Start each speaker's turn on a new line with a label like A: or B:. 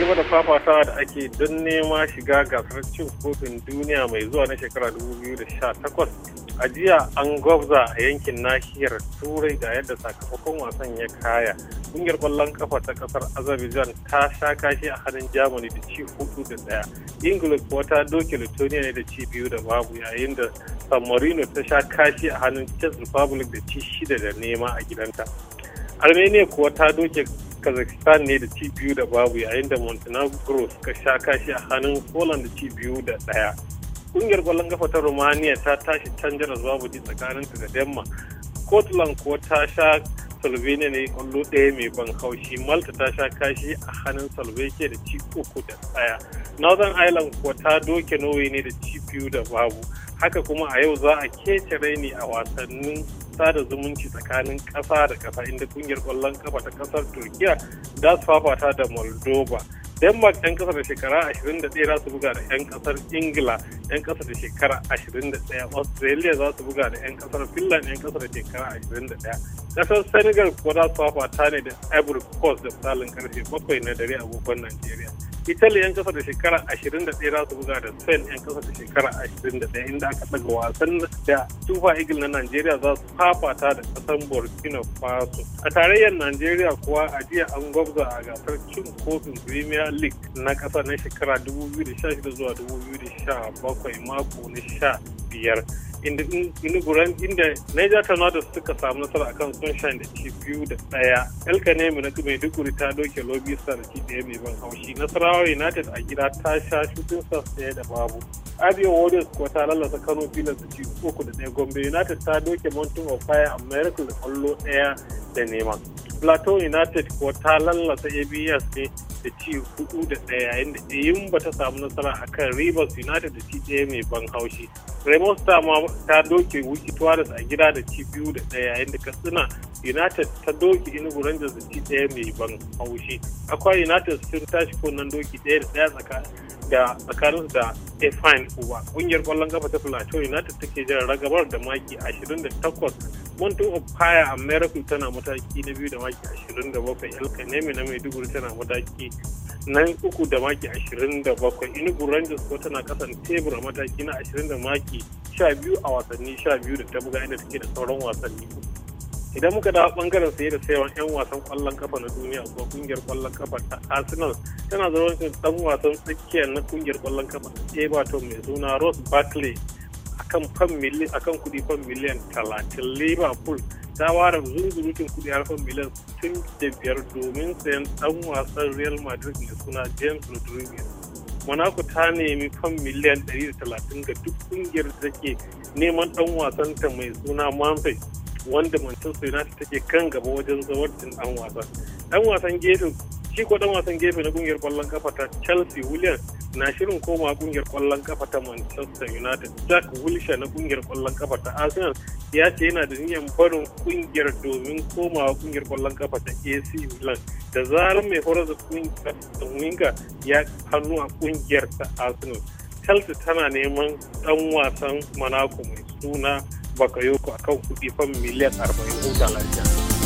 A: gaba da fafata da ake don nema shiga gasar cin kofin duniya mai zuwa na shekara 2018 a jiya an gwabza a yankin nahiyar turai da yadda sakamakon wasan ya kaya kungiyar kwallon kafa ta kasar azerbaijan ta sha kashi a hannun germany da ci hudu da daya ingila kuwa ta doke lithuania ne da ci biyu da babu yayin da san marino ta sha kashi a hannun czech republic da ci shida da nema a gidanta armenia kuwa ta doke kazakhstan ne da ci biyu da babu yayin da montenegro suka sha kashi a hannun poland da ci biyu da daya kungiyar kwallon gafa ta romania ta tashi can zuwa buji tsakanin tsakaninta da denmark scotland ko ta sha slovenia ne kwallo ɗaya mai ban haushi malta ta sha kashi a hannun slovakia da ci uku da daya northern ireland ko ta doke norway ne da ci biyu da babu haka kuma a yau za a kece raini a wasannin kasa da zumunci tsakanin kasa da kasa inda kungiyar kwallon kafa ta kasar turkiya za su fafata da moldova denmark yan kasa da shekara 21 za su buga da yan kasar ingila yan kasa da shekara 21 australia za su buga da yan kasar finland yan kasa da shekara 21 kasar senegal kuwa za su fafata ne da ivory coast da misalin karfe 7 na dare abubuwan nigeria Italy yan kasa da shekara 21 za su buga da Spain yan kasa da shekara 21 inda aka daga wasan da Super Eagle na Najeriya za su fafata da kasar Burkina Faso. A tarayyar Najeriya kuwa a jiya an gwabza a gasar cin kofin Premier League na kasa na shekara 2016 zuwa 2017 mako na 15. inuguran inda Niger da suka samu nasara akan Sunshine da ci biyu da ɗaya. Elkane na Maiduguri ta doke Lobby Star ci daya mai ban haushi. Nasarawa United a gida ta sha shudin sa da babu. Abia Warriors ko ta lalata Kano filin da ci uku da ɗaya Gombe United ta doke Mountain of Fire a Miracle da kwallo ɗaya da nema. Plateau United ko ta lalata ABS ne da ci hudu da ɗaya yayin da Eyimba ta samu nasara akan Rivers United da ci ɗaya mai ban haushi. Raymond Star ma ta doke Wiki Tuwaris a gida da ci biyu da ɗaya yayin da Katsina United ta doke inugu Rangers da ci ɗaya mai ban haushi. Akwai United sun tashi kunnen doki ɗaya da ɗaya tsakanin da tsakanin da Efine Uba. Kungiyar kwallon gaba ta Plateau United take jiran ragabar da maki 28. Mountain of Fire America tana mataki na biyu da maki 27. El Kaneme na Maiduguri tana mataki na uku da maki 27. Inugu Rangers ko tana kasan tebura mataki na 20 da maki 12 a wasanni 12 da ta buga inda take da sauran wasanni. idan muka dawo bangaren saye da sayawan 'yan wasan kwallon kafa na duniya ko kungiyar kwallon kafa ta arsenal tana zama dan wasan tsakiya na kungiyar kwallon kafa ta everton mai suna ross barkley akan fan miliyan akan kudi fan miliyan 30 liverpool ta ware zunzurutun kudi har fan miliyan 65 domin sayan dan wasan real madrid mai suna james rodriguez monaco ta nemi fam miliyan 130 ga duk kungiyar da ke neman dan wasanta mai suna manfred wanda Manchester United take kan gaba wajen zawar din dan wasan dan wasan gefe shi ko dan wasan gefe na kungiyar kwallon kafa ta Chelsea William na shirin koma kungiyar kwallon kafa ta Manchester United Jack Wilshere na kungiyar kwallon kafa ta Arsenal ya ce yana da niyyar barin kungiyar domin komawa kungiyar kwallon kafa ta AC Milan da zarar mai horar da kungiyar ya hannu a kungiyar ta Arsenal Chelsea tana neman dan wasan Monaco mai suna bakayoko kan kuɗi fam miliyan arba'in huta lafiya.